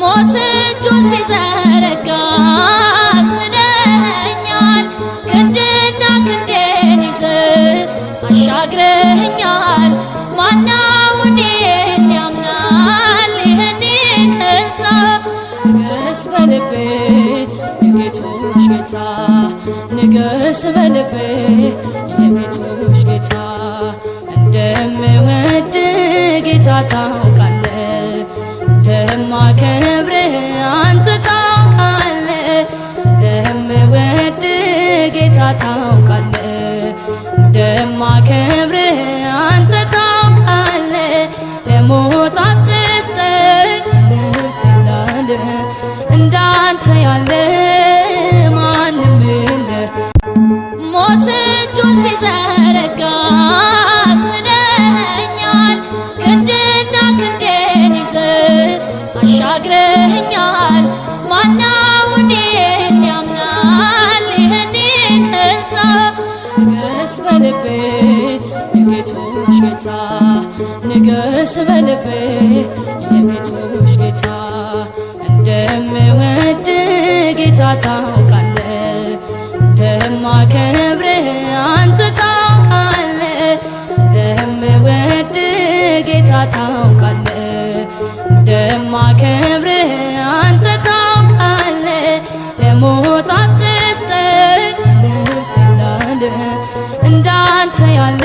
ሞት እጁን ሲዘረጋ አስነኸኛል ክንድና ክንዴን ይዘ አሻግረኸኛል ማናው እኔን ያምናል ይህን ቅርታ ንገስ በልቤ የጌቶች ጌታ ንገስ በልቤ የጌቶች ጌታ እንደምወድ ጌታ እንደማከብርህ አንተ ታውቃለህ፣ እንደምወድ ጌታ ታውቃለህ። እንደማከብርህ አንተ ታውቃለህ። ለሞት አትስጠኝ ነፍስ እንዳለ እንዳንተ ያለ ማንም የለ ሞት እጁን አሻግረኛል ማናው እኔን ያምናል ይህን ቅርታ ንገስ በልቤ የጌቶች ጌታ ንገስ በልቤ የጌቶች ጌታ እንደምወድ ጌታ ታውቃለ እንደማከብር አንተ ታውቃለ እንደምወድ ጌታ ታውቃለ እንደማከብር አንተ ታውቃለ። ለሞት አትስጠኝ ነፍስ እንዳለ እንዳንተ ያለ